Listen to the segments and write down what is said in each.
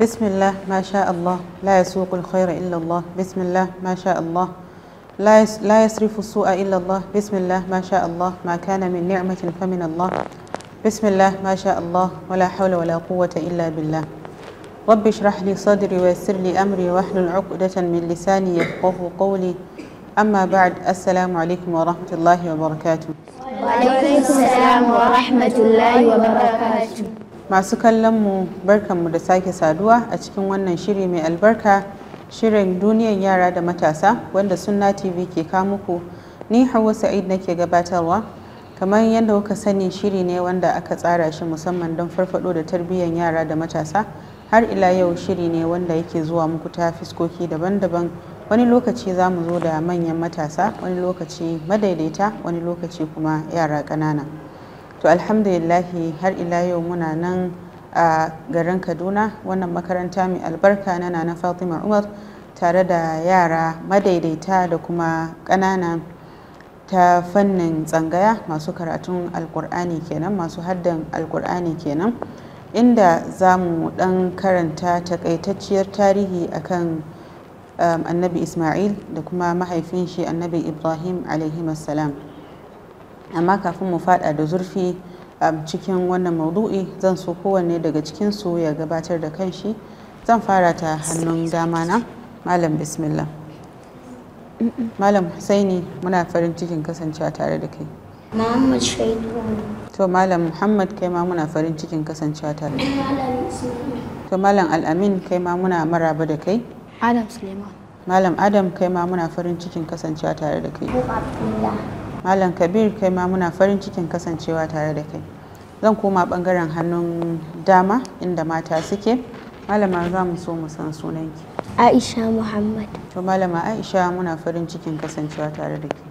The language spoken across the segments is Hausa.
بسم الله ما شاء الله لا يسوق الخير إلا الله بسم الله ما شاء الله لا لا يصرف السوء إلا الله بسم الله ما شاء الله ما كان من نعمة فمن الله بسم الله ما شاء الله ولا حول ولا قوة إلا بالله رب اشرح لي صدري ويسر لي أمري واحلل عقدة من لساني يفقه قولي أما بعد السلام عليكم ورحمة الله وبركاته وعليكم السلام ورحمة الله وبركاته masu kallon kallonmu barkanmu da sake saduwa a cikin wannan shiri mai albarka shirin duniyan yara da matasa wanda sunna tv ke muku ni hawa sa'id nake gabatarwa kamar yadda kuka sani shiri ne wanda aka tsara shi musamman don farfado da tarbiyyar yara da matasa har ila yau shiri ne wanda yake zuwa muku ta fiskoki daban-daban wani lokaci za mu zo da manyan matasa wani lokaci madaidaita wani lokaci kuma yara ƙanana. to alhamdulillahi har ila yau muna nan a garin kaduna wannan makaranta mai albarka na nana fatima umar tare da yara madaidaita da kuma ƙanana ta fannin tsangaya masu karatun alkur'ani kenan masu haddan alkur'ani kenan inda za mu ɗan karanta takaitacciyar tarihi akan um, annabi ismail da kuma mahaifin shi annabi ibrahim alaihi amma kafin mu fada da zurfi a um, cikin wannan maudu'i zan so kowanne daga cikin su ya gabatar da kanshi zan fara ta hannun dama na malam bismillah malam husaini muna farin cikin kasancewa tare da kai Muhammad Shaidu. To Malam Muhammad kai ma muna farin cikin kasancewa tare. da kai. To Malam Al'amin kai ma muna maraba da kai. Adam Suleiman. Malam Adam kai ma muna farin cikin kasancewa tare da kai. Malam Kabir kai ma muna farin cikin kasancewa tare da kai. Zan koma bangaren hannun dama inda mata suke. Malama za mu so mu san sunanki. Aisha Muhammad. To Malama Aisha muna farin cikin kasancewa tare da ke.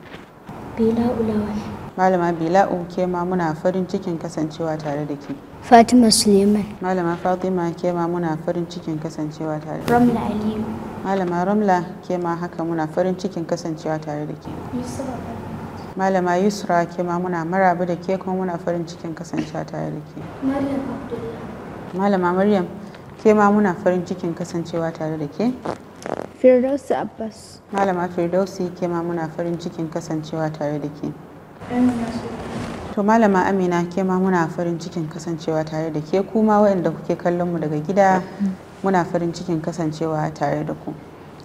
Bila'u Lawal. Malama Bila'u ke ma muna farin cikin kasancewa tare da ke. Fatima Suleiman. Malama Fatima ke ma muna farin cikin kasancewa tare da ke. Ramla Aliyu. Malama Ramla ke ma haka muna farin cikin kasancewa tare da ke. Yusuf malama yusra ke ma muna marabu da ke kuma muna farin cikin kasancewa tare da ke malama maryam ke ma muna farin cikin kasancewa tare da ke firdausi abbas malama firdausi ke ma muna farin cikin kasancewa tare da ke to malama amina ke ma muna farin cikin kasancewa tare da ke kuma waɗanda kuke kallon mu daga gida muna farin cikin kasancewa tare da ku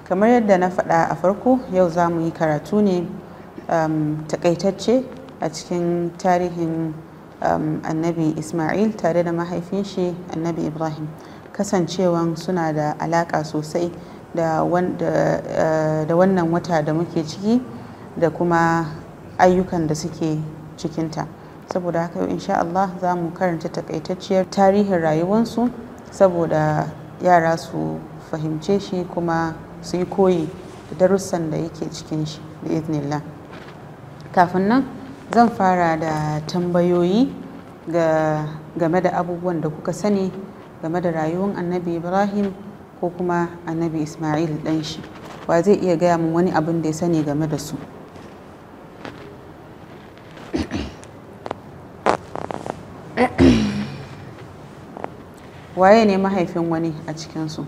kamar yadda na faɗa a farko yau za mu yi karatu ne Um, takaitacce a cikin tarihin um, annabi ismail tare da mahaifin shi annabi ibrahim kasancewan suna da alaka sosai eh, da wannan wata da muke ciki da kuma ayyukan da suke cikinta saboda haka insha Allah za mu karanta takaitacciyar tarihin rayuwansu saboda yara su fahimce shi kuma su yi koyi da darussan da yake cikin shi da iznillah kafin nan zan fara da tambayoyi game da abubuwan da kuka sani game da rayuwar annabi ibrahim ko kuma annabi ismail ɗan shi wa zai iya gaya min wani abin da ya sani game da su waye ne mahaifin wani a cikinsu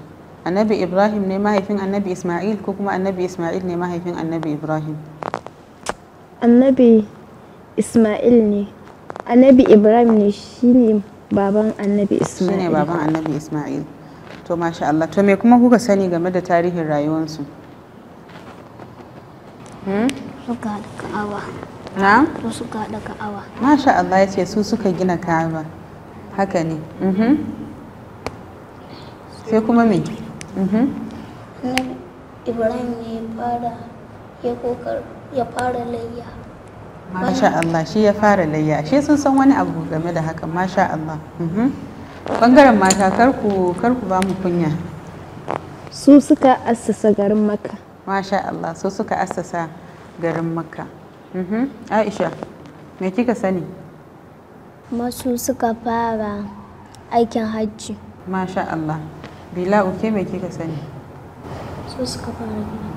annabi ibrahim ne mahaifin annabi ismail ko kuma annabi ismail ne mahaifin annabi ibrahim annabi Ismail ne annabi Ibrahim ne shine baban annabi Ismail shine baban annabi Ismail to masha Allah to me kuma kuka sani game da tarihin rayuwarsu hmm? na? su suka haɗa masha Allah ya ce su suka gina ka'aba haka ne mm-hmm. sai kuma me? Mm-hmm. Ibrahim ne fara ya fara layya masha Allah shi ya fara layya shi sun san wani abu game da hakan masha Allah mhm. bangaren mata karku karku ba mu kunya su suka assasa garin makka masha Allah su suka assasa garin makka mhm. aisha me kika sani masu suka fara aikin hajji masha Allah bila'u ke me kika sani su suka fara gina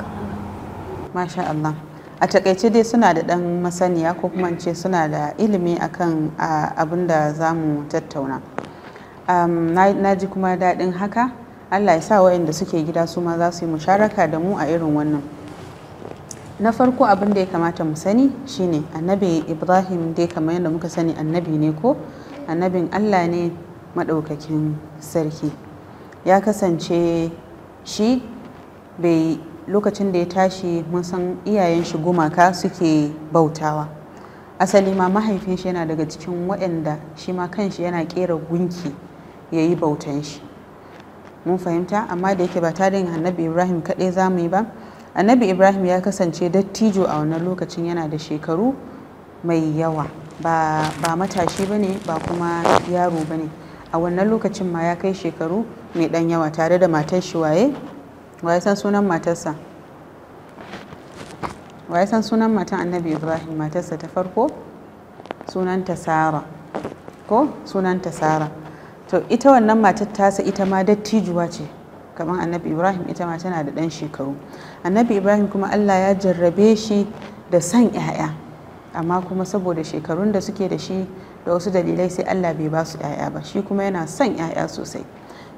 masha Allah a takaice dai suna da ɗan masaniya ko kuma ce suna da ilimi akan abin da za mu tattauna na ji kuma daɗin haka allah ya sa wayanda suke gida su ma za su yi musharaka da mu a irin wannan na farko abin da ya kamata mu sani shine annabi ibrahim dai kamar yadda muka sani annabi ne ko annabin allah ne maɗaukakin sarki ya kasance shi bai lokacin da ya tashi mun san iyayen shi gumaka suke bautawa asali ma mahaifin shi yana daga cikin waɗanda shi ma kanshi yana ƙera gunki ya yi bautan shi mun fahimta amma da yake ba da annabi ibrahim kaɗai za mu yi ba annabi ibrahim ya kasance dattijo a wannan lokacin yana da shekaru mai yawa ba, matashi ba ne ba kuma yaro ba ne a wannan lokacin ma ya kai shekaru mai ɗan yawa tare da matar shi waye waye san sunan matarsa waye san sunan matan annabi ibrahim matarsa ta farko sunanta sara ko sunanta sara to ita wannan matar tasa ita ma dattijuwa ce kamar annabi ibrahim ita ma tana da ɗan shekaru annabi ibrahim kuma allah ya jarrabe shi da son 'ya'ya amma kuma saboda shekarun da suke da shi da wasu dalilai sai allah bai ba su 'ya'ya ba shi kuma yana son 'ya'ya sosai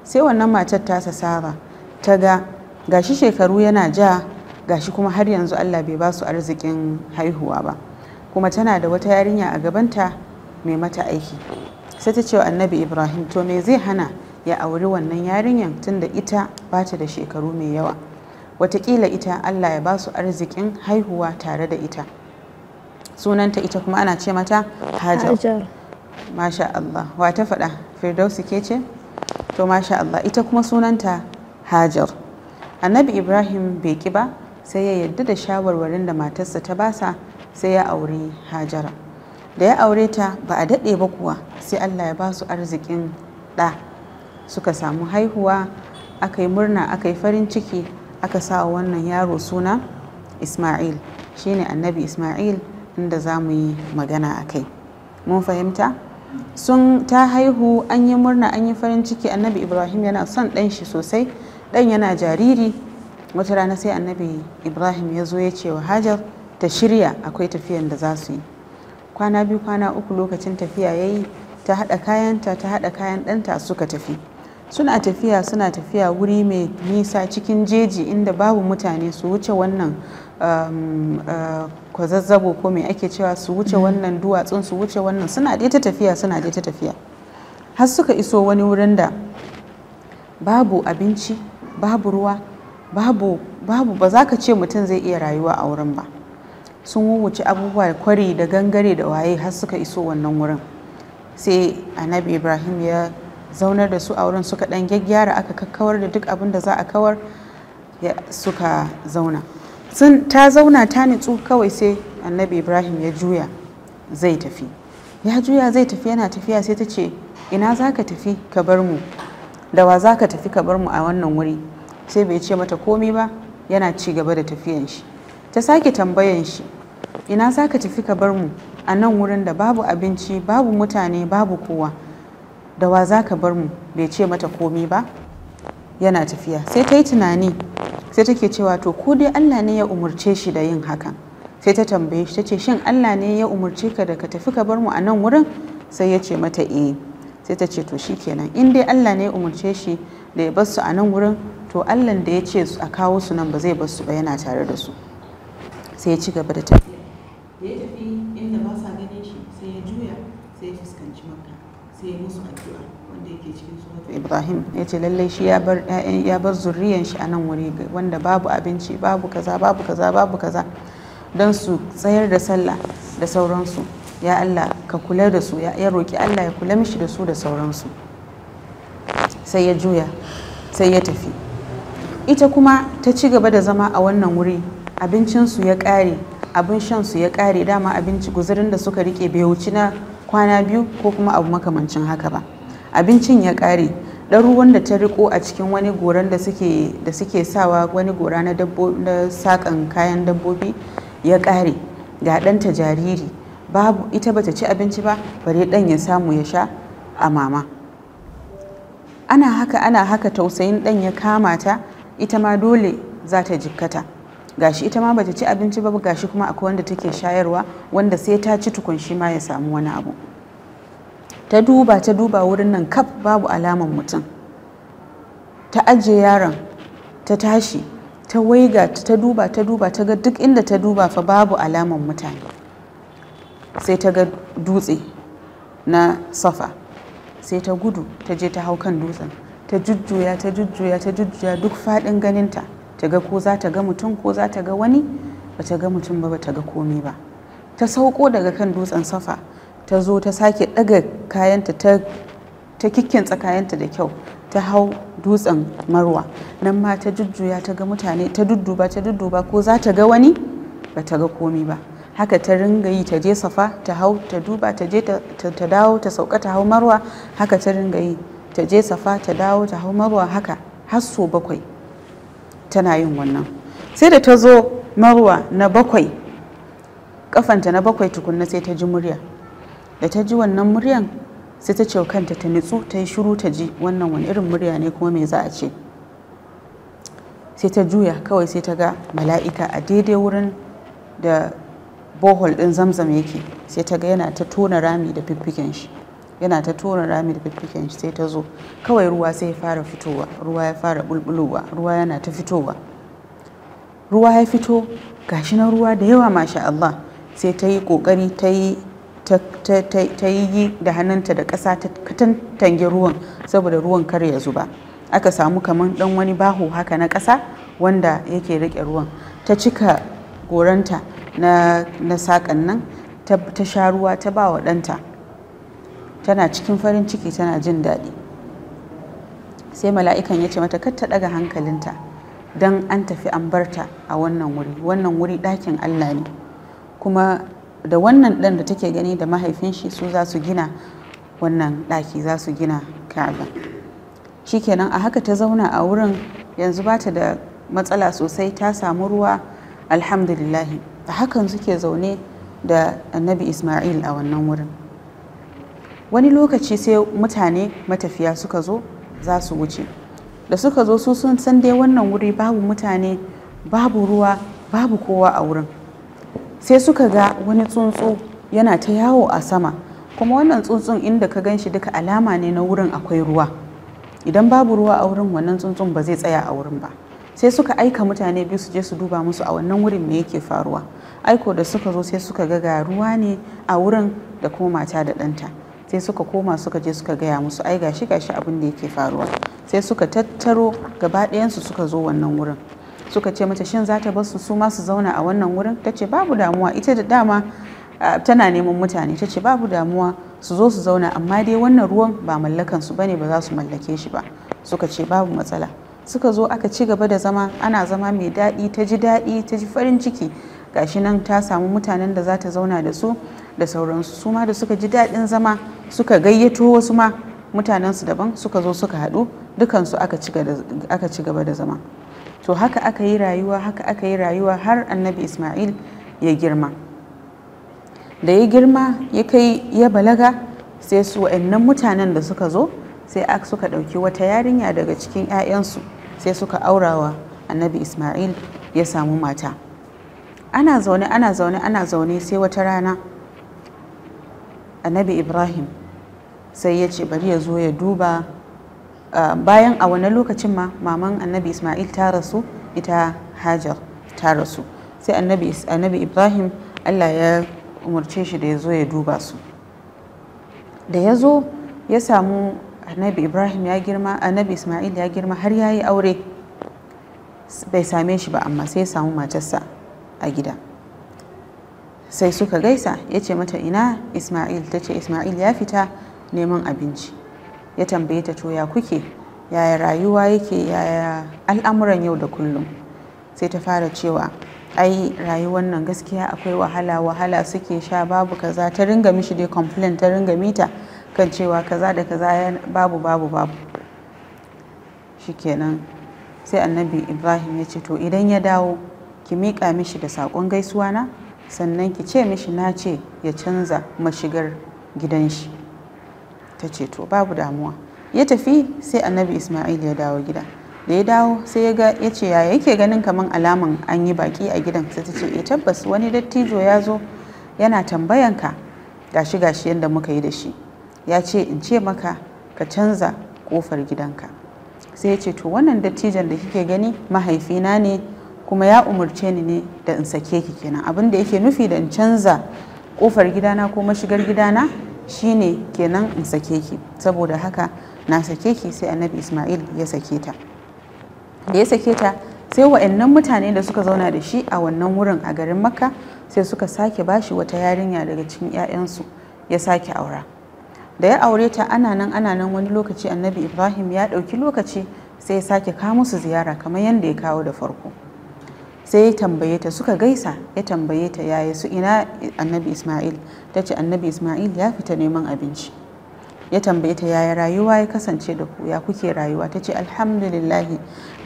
sai wannan matar tasa sara ta ga gashi shekaru yana ja gashi kuma har yanzu Allah bai ba su arzikin haihuwa ba kuma tana da wata yarinya a gabanta mai mata aiki sai ta ce annabi ibrahim to me zai hana ya auri wannan tun tunda ita ba ta da shekaru mai yawa watakila ita Allah ya ba su arzikin haihuwa tare da ita sunanta ita kuma ana ce mata hajar masha Allah wa ta faɗa firdausi ke ce to masha Allah ita kuma sunanta hajar annabi ibrahim bai ki ba sai ya yadda da shawarwarin da matarsa ta basa sai ya aure hajara da ya aure ta ba a daɗe ba kuwa sai allah ya ba su arzikin ɗa suka samu haihuwa aka yi murna aka yi farin ciki aka sa wannan yaro suna ismail shine annabi ismail inda za mu yi magana a kai mun fahimta sun ta haihu an yi murna an yi farin ciki annabi ibrahim yana son ɗan shi sosai ɗan yana jariri wata rana sai annabi ibrahim ya zo ya ce wa hajar ta shirya akwai tafiyan da za su yi kwana biyu kwana uku lokacin tafiya ya yi ta haɗa kayanta ta haɗa kayan ɗanta suka tafi suna tafiya suna tafiya wuri mai nisa cikin jeji inda babu mutane su wuce wannan um, uh, kwazazzabo ko mai ake cewa su wuce mm-hmm. wannan duwatsun su wuce wannan suna ta tafiya suna ta tafiya har suka iso wani wurin da babu abinci babu ruwa babu babu ba za ka ce mutum zai iya rayuwa a wurin ba sun wuce abubuwa kwari da gangare da waye har suka iso wannan wurin sai annabi ibrahim ya zaunar da su a wurin suka dan gyaggyara aka kakkawar da duk abin da za a kawar suka zauna sun ta zauna ta nitsu kawai sai annabi ibrahim ya juya zai tafi ya juya zai tafi yana tafiya sai ta ce ina za ka tafi ka bar mu da wa za ka tafi ka bar mu a wannan wuri sai bai ce mata komi ba yana ci gaba da tafiyan shi ta sake tambayan shi ina za ka tafi ka bar mu a nan wurin da babu abinci babu mutane babu kowa da wa za ka bar mu bai ce mata komi ba yana tafiya sai ta yi tunani sai take cewa to ko dai allah ne ya umarce shi da yin hakan sai ta tambaye shi ta ce shin allah ne ya umarce ka da ka tafi ka bar mu a nan wurin sai ya ce mata eh sai ta ce to shi shikenan in dai Allah ne ya umarce shi da ya basu a nan wurin to Allah da ya ce a kawo su nan ba zai basu ba yana tare da su sai ya ci gaba da tafiya da ya tafi inda ba sa ganin shi sai ya juya sai ya fuskanci sai ya musu addu'a wanda yake cikin suratul ibrahim ya ce lallai shi ya bar ya bar zurriyan shi a nan wuri wanda babu abinci babu kaza babu kaza babu kaza don su tsayar da sallah da sauransu ya Allah ka kula da su ya roki Allah ya kula mishi da su da sauransu sai ya juya sai ya tafi ita kuma ta ci gaba da zama a wannan wuri abincinsu ya ƙare abin shansu ya ƙare dama abinci guzurin da suka rike bai wuci na kwana biyu ko kuma abu makamancin haka ba abincin ya ƙare ɗan ruwan da ta riko a cikin wani goran da suke da suke sawa wani gora na saƙan kayan dabbobi ya ƙare ga ɗanta jariri babu ita bata ci abinci ba bare dan ya samu ya sha a mama ana haka ana haka tausayin dan ya kama ta ita ma dole za ta jikkata gashi ita ma bata ci abinci ba gashi kuma akwai wanda take shayarwa wanda sai ta ci tukun shi ma ya samu wani abu ta duba ta duba wurin nan kaf babu alaman mutum ta ajiye yaron ta tashi ta waiga ta duba ta duba ta ga duk inda ta duba fa babu alaman mutane sai ta ga dutse na safa sai ta gudu ta je ta hau kan dutsen ta jujjuya ta jujjuya ta jujjuya duk faɗin ganinta ta ga ko za ta ga mutum ko za ta ga wani ba ta ga mutum ba ba ta ga komi ba ta sauko daga kan dutsen safa ta zo ta sake ɗaga kayanta ta ta kikkinsa kayanta da kyau ta hau dutsen marwa nan ma ta jujjuya ta ga mutane ta dudduba ta dudduba ko za ta ga wani ba ta ga komi ba haka ta ringa yi ta je safa ta hau ta duba ta je ta dawo ta sauka ta hau marwa haka ta ringa yi ta je safa ta dawo ta hau marwa haka har so bakwai tana yin wannan sai da ta zo marwa na bakwai kafanta na bakwai tukunna sai ta ji murya da ta ji wannan muryan sai ta ce kanta ta nutsu ta yi shiru ta ji wannan wani irin murya ne kuma me za a ce sai ta juya kawai sai ta ga mala'ika a daidai wurin da bohol din zamzam yake sai ta ga yana ta tona rami da fiffiken shi yana ta tona rami da fiffiken shi sai ta zo kawai ruwa sai ya fara fitowa ruwa ya fara bulbulowa ruwa yana ta fitowa ruwa ya fito gashi na ruwa da yawa masha Allah sai ta yi kokari ta yi ta yi da hannunta da ƙasa ta katantange ruwan saboda ruwan kar ya zuba aka samu kamar dan wani baho haka na ƙasa wanda yake rike ruwan ta cika goranta na saƙan nan ta sha ruwa ta ba wa ɗanta tana cikin farin ciki tana jin daɗi sai mala'ikan ya ce mata kar ta ɗaga hankalinta don an tafi an barta a wannan wuri wannan wuri ɗakin allah ne kuma da wannan ɗan da take gani da mahaifin shi su za su gina wannan ɗaki za su gina ka'aba shikenan a haka ta zauna a wurin yanzu ba ta da matsala sosai ta samu ruwa alhamdulillahi a hakan suke zaune da annabi ismail a wannan wurin wani lokaci sai mutane matafiya suka zo za su wuce da suka zo su sun san dai wannan wuri babu mutane babu ruwa babu kowa a wurin sai suka ga wani tsuntsu yana ta yawo a sama kuma wannan tsuntsun inda ka gan shi duka alama ne na wurin akwai ruwa idan babu ruwa a wurin wannan tsuntsun ba zai tsaya a wurin ba sai suka aika mutane biyu su je su duba musu a wannan wurin me yake faruwa aiko da suka zo sai suka ga ga ruwa ne a wurin da kuma mata da ɗanta sai suka koma suka je suka gaya musu ai gashi gashi abin da yake faruwa sai suka tattaro gaba ɗayansu suka zo wannan wurin suka ce mata shin za ta bar su su ma su zauna a wannan wurin ta ce babu damuwa ita da dama tana neman mutane ta ce babu damuwa su zo su zauna amma dai wannan ruwan ba mallakansu su bane ba za su mallake shi ba suka ce babu matsala suka zo aka ci gaba da zama ana zama mai daɗi ta ji daɗi ta ji farin ciki gashi nan ta samu mutanen da za ta zauna da su da sauransu su ma da suka ji daɗin zama suka gayyato wasu ma mutanensu daban suka zo suka haɗu dukansu aka ci gaba da zama to haka aka yi rayuwa haka aka yi rayuwa har annabi ismail ya girma da ya girma ya kai ya balaga sai su wa'annan mutanen da suka zo sai suka ɗauki wata yarinya daga cikin 'ya'yansu sai suka aurawa annabi ismail ya samu mata ana zaune ana zaune ana zaune sai wata rana annabi ibrahim sai ya ce bari ya zo ya duba bayan a wani lokacin ma maman annabi ismail ta rasu ita hajar ta rasu sai annabi ibrahim allah ya umarce shi da ya zo ya duba su da ya zo ya samu annabi ibrahim ya girma annabi ismail ya girma har ya yi aure bai same shi ba amma sai ya samu matarsa a gida sai suka gaisa ya ce mata ina ismail ta ce ismail ya fita neman abinci ya tambaye ta to ya kuke yaya rayuwa yake yaya al'amuran yau da kullum sai ta fara cewa ai rayuwar nan gaskiya akwai wahala wahala suke sha babu kaza ta ringa mishi dai complain ta ringa mita kan cewa kaza da kaza babu babu babu shikenan sai annabi ibrahim ya ce to idan ya dawo ki miƙa mishi da saƙon gaisuwa na sannan ki ce mishi na ce ya canza mashigar gidan shi ta ce to babu damuwa ya tafi sai annabi ismail ya dawo gida da ya dawo sai ya ga ce ya yake ganin kaman alaman an yi baki a gidan sai ta ce ya eh tabbas wani dattijo ya zo yana tambayanka gashi gashi yadda muka yi da shi ya ce in ce maka ka canza kofar gidanka sai ya ce to wannan dattijan da kike gani mahaifina ne kuma ya umarce ni ne da in sake ki kenan abin da yake nufi da in canza kofar gidana ko mashigar gidana shine kenan in sake ki saboda haka na sake ki sai annabi ismail ya sake ta da ya sake ta sai wa'annan mutane da suka zauna da shi a wannan wurin a garin makka sai suka sake bashi wata yarinya daga cikin 'ya'yansu ya sake aura da ya aure ta ana nan ana nan wani lokaci annabi ibrahim ya ɗauki lokaci sai ya sake kawo musu ziyara kamar yadda ya kawo da farko sai ya tambaye ta suka gaisa ya tambaye ta yaya su ina annabi ismail ta ce annabi ismail ya fita neman abinci ya tambaye ta yaya rayuwa ya kasance da ku ya kuke rayuwa ta ce alhamdulillahi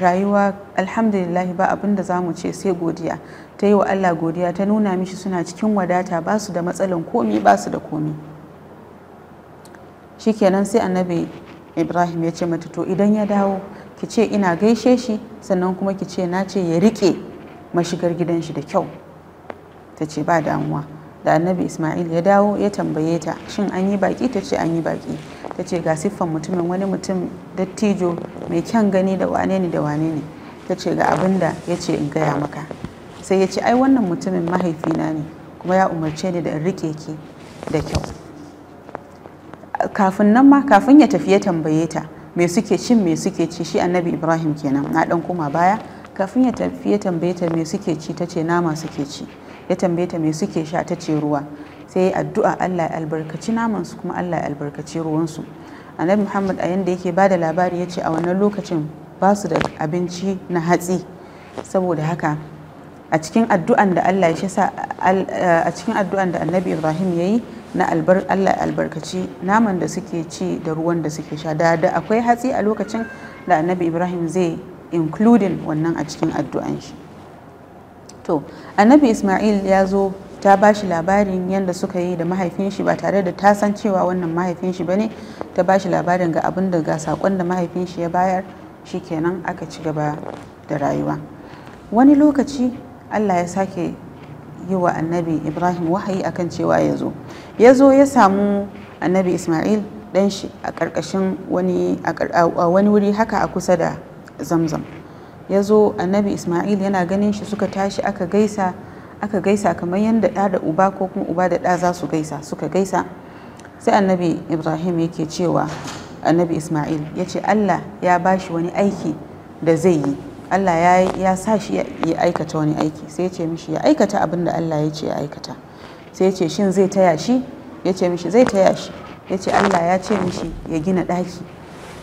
rayuwa alhamdulillahi ba abin da za mu ce sai godiya ta yi wa allah godiya ta nuna mishi suna cikin wadata ba su da matsalan komi ba su da komi shikenan sai annabi ibrahim ya ce mata to idan ya dawo ki ce ina gaishe shi sannan kuma ki ce na ce ya rike mashigar gidan shi da kyau ta ce ba damuwa da annabi ismail ya dawo ya tambaye ta shin an yi baki ta ce an yi baki ta ce ga siffan mutumin wani mutum dattijo mai kyan gani da wane ne da wane ne ta ce ga abin da ya ce in gaya maka sai ya ce ai wannan mutumin mahaifina ne kuma ya umarce ni da in rike ki da kyau kafin nan ma kafin ya tafi ya tambaye ta me suke cin me suke ci shi annabi ibrahim kenan na dan koma baya kafin ya tafi ya tambaye ta me suke ci ta ce nama suke ci ya tambaye ta me suke sha ta ce ruwa sai addu'a allah ya albarkaci naman su kuma allah ya albarkaci ruwansu annabi muhammad a yanda yake bada labari ya ce a wannan lokacin ba su da abinci na hatsi saboda haka a cikin addu'an da allah ya sa a cikin addu'an da annabi ibrahim ya yi na albar Allah albarkaci naman da suke ci da ruwan da suke sha da da akwai hatsi a lokacin da annabi Ibrahim zai including wannan a cikin addu'an shi to annabi Ismail ya zo ta ba shi labarin yadda suka yi da mahaifin shi ba tare da ta san cewa wannan mahaifin shi bane ta ba shi labarin ga abin da ga sakon da mahaifin shi ya bayar shi kenan aka ci gaba da rayuwa wani lokaci Allah ya sake yi wa annabi ibrahim wahayi akan cewa ya zo ya zo ya samu annabi ismail ɗan shi a ƙarƙashin wani a wani wuri haka a kusa da zamzam ya zo annabi ismail yana ganin shi suka tashi aka gaisa aka gaisa kamar yadda ɗa da uba ko kuma uba da ɗa za su gaisa suka gaisa sai annabi ibrahim yake cewa annabi ismail ya ce allah ya bashi wani aiki da zai yi Allah ya ya sa shi ya aikata wani aiki sai ya ce mishi ya aikata abin da Allah ya ce ya aikata sai ya ce shin zai taya shi ya ce mishi zai taya shi ya ce Allah ya ce mishi ya gina ɗaki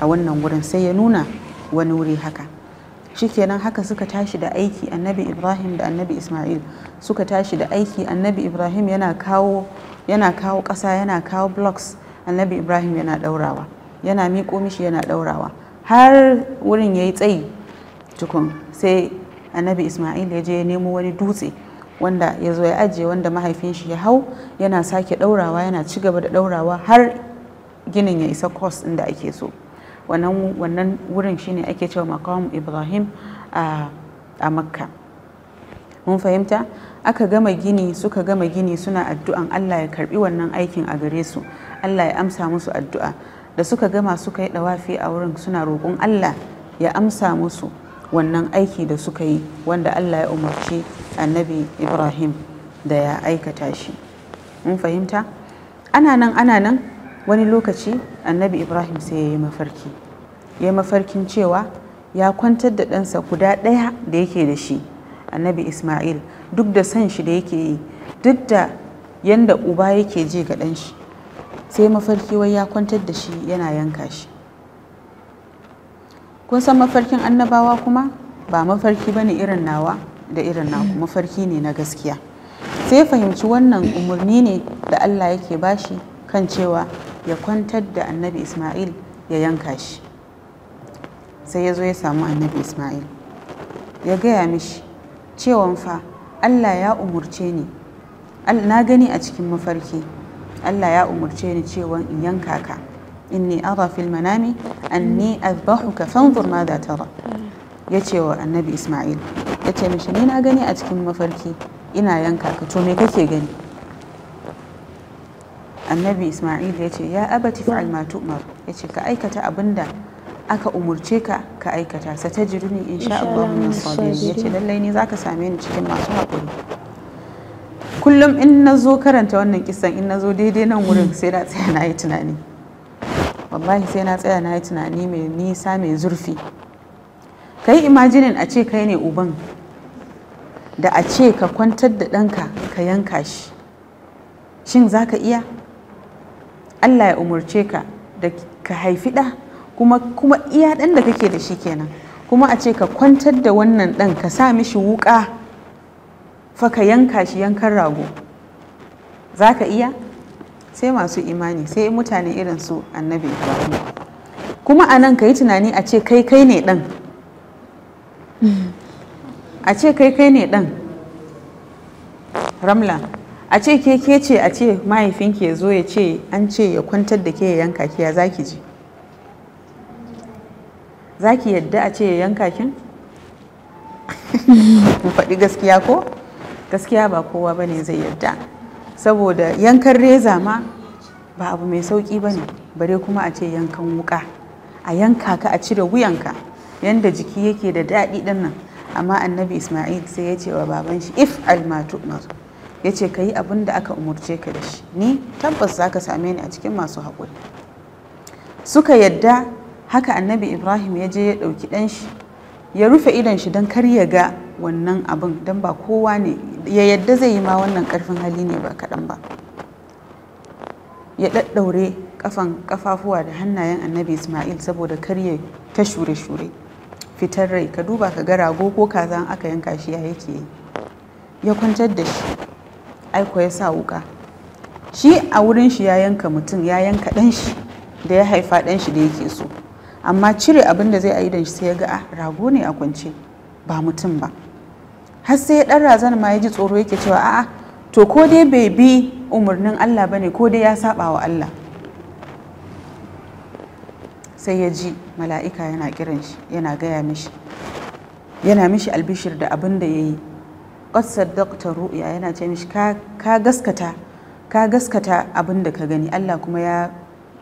a wannan wurin sai ya nuna wani wuri haka shikenan haka suka tashi da aiki annabi ibrahim da annabi ismail suka tashi da aiki annabi ibrahim yana kawo yana ƙasa yana kawo blocks annabi ibrahim yana ɗaurawa yana miƙo mishi yana ɗaurawa har wurin ya yi tsayi tukun sai annabi ismail ya je ya nemo wani dutse wanda ya zo ya ajiye wanda mahaifin shi ya hau yana sake daurawa yana ci gaba da daurawa har ginin ya isa kos inda ake so wannan wurin shine ake cewa makamu ibrahim a a makka mun fahimta aka gama gini suka gama gini suna addu'an allah ya karbi wannan aikin a gare su allah ya amsa musu addu'a da suka gama suka yi dawafi a wurin suna roƙon allah ya amsa musu wannan aiki da suka yi wanda allah ya umarci annabi ibrahim da ya aikata shi mun fahimta ana nan ana nan wani lokaci annabi ibrahim sai ya yi mafarki ya yi mafarkin cewa ya kwantar da ɗansa guda ɗaya da yake da shi annabi ismail duk da san shi da yake yi duk da yanda uba yake ji ga ɗan shi sai mafarki wai ya kwantar da shi yana yanka shi kun san mafarkin annabawa kuma ba mafarki ba ne irin nawa da irin naku mafarki ne na gaskiya sai ya fahimci wannan umarni ne da allah yake bashi kan cewa ya kwantar da annabi ismail ya yanka shi sai ya zo ya samu annabi ismail ya gaya mishi cewan fa allah ya umurce ni na gani a cikin mafarki allah ya umarce ni cewan in yanka ka inni ara fil manami anni azbahuka fanzur madha tara yace wa annabi Isma'il yace mishi ni na gani a cikin mafarki ina yanka ka to me kake gani annabi Isma'il yace ya abati fa'al ma tu'mar yace ka aikata abinda aka umurce ka ka aikata satajiduni insha Allah min sabirin yace lallai ni zaka same ni cikin masu haƙuri kullum in na zo karanta wannan kisan in na zo daidai nan wurin sai na tsaya na yi tunani wallahi sai na tsaya na yi tunani mai nisa mai zurfi ka yi imajinin a ce kai ne uban da a ce ka kwantar da ɗanka ka yanka shi shin za ka iya allah ya umarce ka da ka haifi ɗa kuma iya ɗan da kake da shi kenan kuma a ce ka kwantar da wannan ɗan ka sa mishi wuƙa fa ka yanka shi yankan rago za ka iya sai masu imani sai mutane irin su annabi ibrahim kuma a nan ka yi tunani a ce kai kai ne ɗan a ce kai kai ne ɗan ramla a ce ke ke ce a ce mahaifinki ya zo ya ce an ce ya kwantar da ke ya yanka ki ya zaki ji ki yadda a ce ya yanka kin ku faɗi gaskiya ko gaskiya ba kowa ne zai yadda saboda yankan reza ma ba abu mai sauƙi ba ne bare kuma a ce yankan wuƙa a yanka ka a cire wuyanka yanda jiki yake da daɗi ɗin nan amma annabi ismail sai ya ce wa baban shi if almatu ya ce ka yi abin da aka umarce ka da shi ni tabbas za ka same ni a cikin masu haƙuri suka yadda haka annabi ibrahim ya je ya ɗauki ɗan shi ya rufe idon shi don kar ya ga wannan abin don ba kowa ne ya yadda zai yi ma wannan karfin hali ne ba kaɗan ba ya ɗaɗɗaure kafan kafafuwa da hannayen annabi ismail saboda karye ta shure-shure fitar rai ka duba ka ga rago ko kaza aka yanka shi ya yake yi ya kwantar da shi aiko ya sa wuka shi a wurin shi ya yanka mutum ya yanka ɗan shi da ya haifa ɗan shi da yake so amma cire abin da zai a idan shi sai ya ga ah, rago ne a kwance ba mutum ba har sai ya ɗan razana ma yaji tsoro yake cewa a'a to ko dai bai bi umarnin Allah bane ko dai ya saba wa Allah sai ya ji mala'ika yana kiran shi yana gaya mishi yana mishi albishir da abin da ya yi saddaqta ru'ya yana ce mishi ka gaskata ka gaskata abin da ka gani Allah kuma ya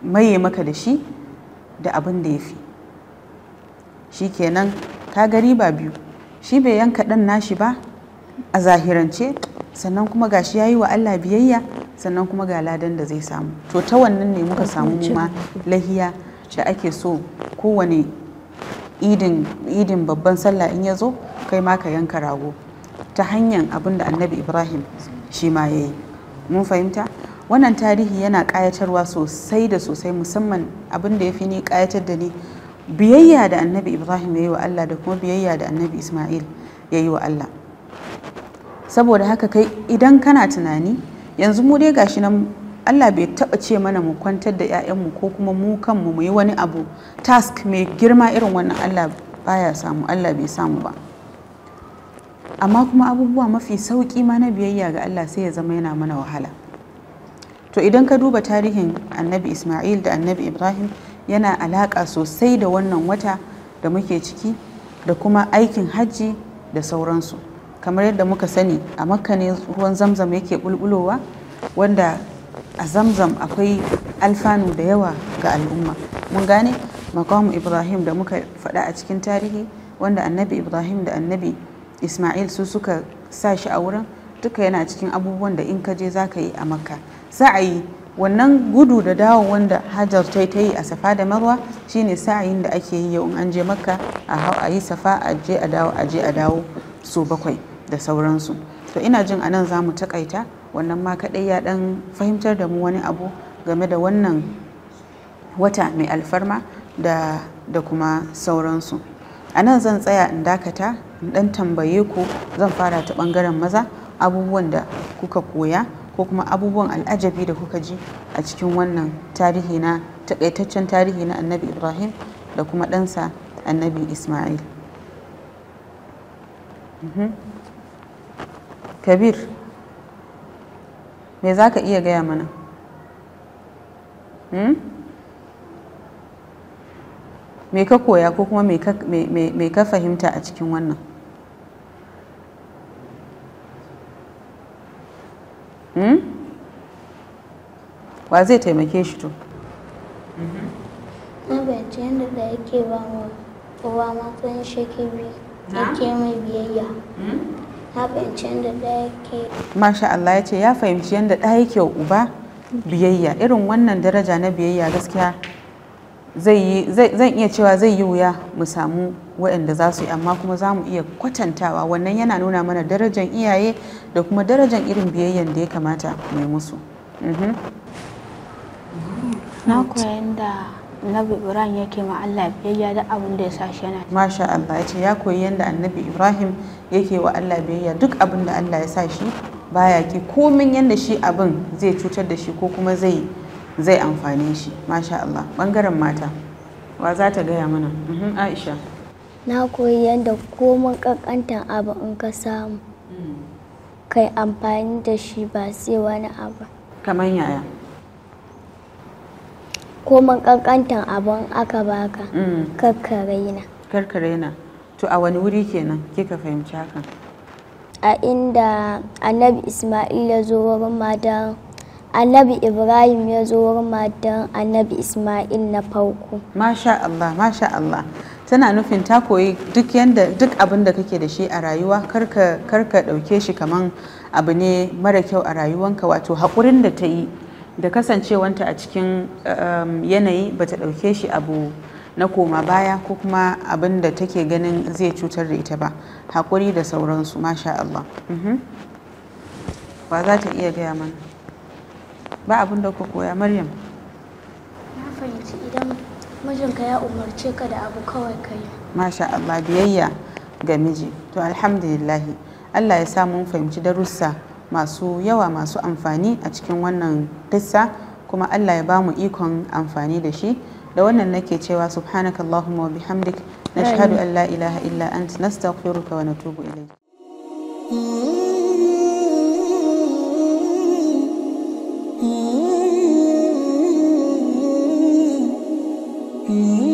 maye maka da shi da abin da ya fi shi kenan ka gari ba biyu shi bai yanka ɗan nashi ba a zahirance sannan kuma ga shi ya yi wa Allah biyayya sannan kuma ga ladan da zai samu to ta wannan ne muka samu ma lahiya da ake so kowane idin babban sallah in ya zo kai ma ka yanka rago ta hanyar abin da annabi ibrahim shi ma ya yi mun fahimta wannan tarihi yana ƙayatarwa sosai da sosai musamman abin da ya fi ni ƙayatar da ni biyayya da annabi ibrahim ya yi wa allah da kuma biyayya da annabi ismail ya yi wa allah saboda haka kai idan kana tunani yanzu mu dai gashi nan allah bai taba ce mana mu kwantar da 'ya'yanmu ko kuma mu kanmu mu yi wani abu task mai girma irin wannan allah baya samu allah bai samu ba amma kuma abubuwa mafi sauki ma na biyayya ga allah sai ya zama yana mana wahala to idan ka duba tarihin annabi ismail da annabi ibrahim yana alaƙa sosai da wannan wata da muke ciki da kuma aikin hajji da sauransu kamar yadda muka sani a makka ne ruwan zamzam yake bulbulowa wanda a zamzam akwai alfanu da yawa ga al'umma mun gane makamu ibrahim da muka faɗa a cikin tarihi wanda annabi ibrahim da annabi ismail su suka sa shi a wurin duka yana cikin abubuwan da in ka je za ka yi a makka sa'ayi wannan gudu da dawo wanda hajar ta ta yi a safa da marwa shine sa'ayin da ake yi yau in an je makka a hau a yi safa a je a dawo a je a dawo so bakwai da sauransu to ina jin anan za mu takaita wannan ma kaɗai ya ɗan fahimtar da mu wani abu game da wannan wata mai alfarma da, da kuma sauransu a nan zan tsaya in dakata in ɗan tambaye ku zan fara ta ɓangaren maza abubuwan da kuka koya ko kuma abubuwan al'ajabi da kuka ji a cikin wannan tarihi na takaitaccen tarihi na annabi ibrahim da kuma ɗansa annabi ismail mhm. kabir me za ka iya gaya mana hmm? me ka koya ko kuma me ka fahimta a cikin wannan Hmm? wa zai taimake shi to na fahimci yadda da yake ba mu kowa matsayin ya yake mai biyayya hmm? na fahimci yadda da yake masha Allah ya ce ya fahimci yadda da yake uba biyayya irin wannan daraja na biyayya gaskiya zan iya cewa zai yi wuya mu samu waɗanda za su yi amma kuma za mu iya kwatantawa wannan yana nuna mana darajar iyaye da kuma darajar irin biyayyan da ya kamata mai musu mhm. na koyan da annabi ibrahim yake ma allah biyayya da abin da ya sa shi yana masha allah ya ce ya koyi yadda annabi ibrahim yake wa allah biyayya duk abin da allah ya sa shi baya ki komin yadda shi abin zai cutar da shi ko kuma zai zai amfane shi masha Allah bangaren mata wa za ta gaya mana mhm, Aisha na koyi yadda komai kankantan abu in ka samu kai amfani da shi ba sai wani abu kamar yaya komai kankantan abun aka baka karkaraina mm. karkaraina to a wani wuri kenan kika fahimci hakan a inda annabi ismail ya zo wurin madan annabi ibrahim ya zo wurin matan annabi ismail na farko masha allah masha allah tana nufin ta koyi duk yanda duk abin da kake da shi a rayuwa karka karka dauke shi kamar abu ne mara kyau a rayuwanka wato haƙurin da ta yi da kasancewanta a cikin um, yanayi bata dauke shi abu na koma baya ko kuma abin da take ganin zai cutar da ita ba haƙuri da sauransu masha allah ba mhm. za ta iya gaya mana ba abin da ku koya maryam na fahimci idan mijinka ya umarce ka da abu kawai kai masha Allah biyayya ga miji to alhamdulillah Allah ya sa fahimci darussa masu yawa masu amfani a cikin wannan kissa kuma Allah ya bamu ikon amfani da shi da wannan nake cewa subhanakallahumma wa bihamdik nashhadu an la ilaha illa anta nastaghfiruka wa natubu ilayk mm-hmm. Mm-hmm.